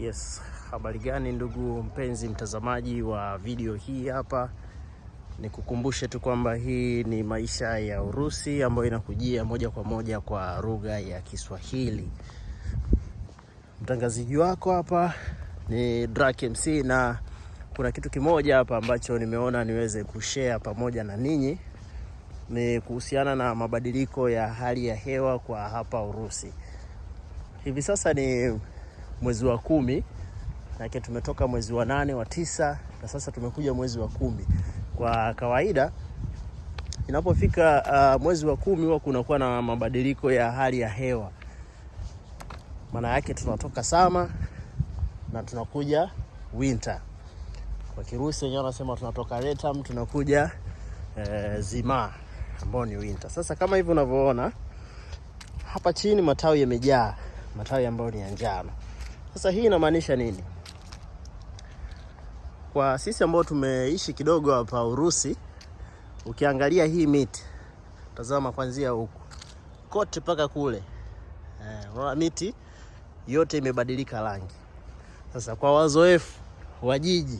Yes, habari gani ndugu mpenzi mtazamaji wa video hii hapa. Nikukumbushe tu kwamba hii ni Maisha ya Urusi ambayo inakujia moja kwa moja kwa lugha ya Kiswahili. Mtangazaji wako hapa ni Drak MC na kuna kitu kimoja hapa ambacho nimeona niweze kushare pamoja na ninyi ni kuhusiana na mabadiliko ya hali ya hewa kwa hapa Urusi. Hivi sasa ni mwezi wa kumi, nake tumetoka mwezi wa nane, wa tisa na sasa tumekuja mwezi wa kumi. Kwa kawaida inapofika uh, mwezi wa kumi huwa kunakuwa na mabadiliko ya hali ya hewa, maana yake tunatoka sama na tunakuja winter. Kwa Kirusi wenyewe wanasema tunatoka letam tunakuja eh, zima ambao ni winter. Sasa kama hivyo unavyoona hapa chini, matawi yamejaa, matawi ambayo ni ya njano. Sasa hii inamaanisha nini? Kwa sisi ambao tumeishi kidogo hapa Urusi, ukiangalia hii miti, tazama kwanzia huku kote mpaka kule, eh, unaona eh, miti yote imebadilika rangi. Sasa kwa wazoefu wa jiji,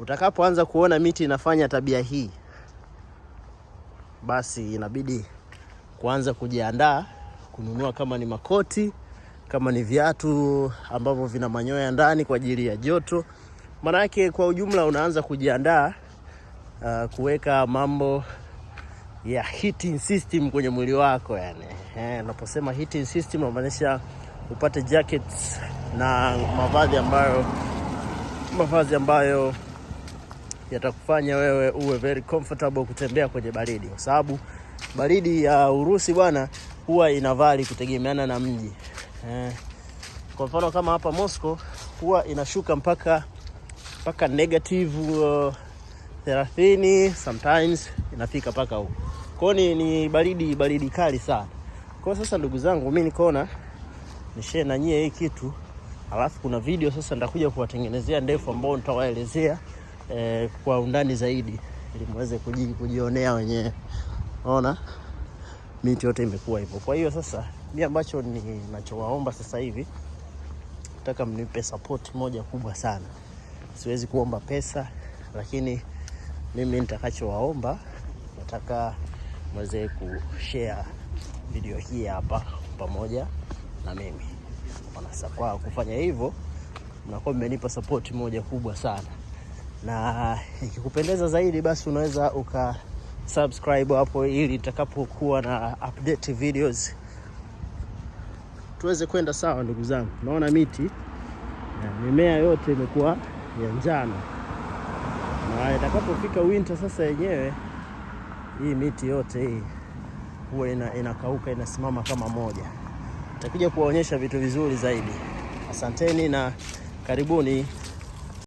utakapoanza kuona miti inafanya tabia hii, basi inabidi kuanza kujiandaa kununua kama ni makoti kama ni viatu ambavyo vina manyoya ndani kwa ajili ya joto. Maana yake kwa ujumla unaanza kujiandaa uh, kuweka mambo ya heating system kwenye mwili wako yani. Eh, unaposema heating system unamaanisha upate jackets na mavazi ambayo mavazi ambayo yatakufanya wewe uwe very comfortable kutembea kwenye baridi, kwa sababu baridi ya Urusi bwana huwa inavali kutegemeana na mji eh. Kwa mfano kama hapa Moscow huwa inashuka mpaka mpaka negative uh, 30 sometimes inafika mpaka huko. Kwa ni, ni baridi baridi kali sana. Kwa sasa ndugu zangu, mimi nikaona nishare na nyie hii kitu, alafu kuna video sasa nitakuja kuwatengenezea ndefu ambao nitawaelezea eh, kwa undani zaidi ili muweze kujionea wenyewe. Unaona miti yote imekuwa hivyo. Kwa hiyo sasa Mi ambacho ninachowaomba sasa hivi, nataka mnipe support moja kubwa sana. Siwezi kuomba pesa, lakini mimi nitakachowaomba, nataka mweze kushare video hii hapa pamoja na mimi wanasa. Kwa kufanya hivyo, mnakuwa mmenipa support moja kubwa sana, na ikikupendeza zaidi, basi unaweza uka subscribe hapo, ili nitakapokuwa na update videos tuweze kwenda sawa, ndugu zangu. Naona miti na eh, mimea yote imekuwa ya njano, na itakapofika winter sasa yenyewe hii miti yote hii huwa ina, inakauka inasimama kama moja. Nitakuja kuwaonyesha vitu vizuri zaidi. Asanteni na karibuni.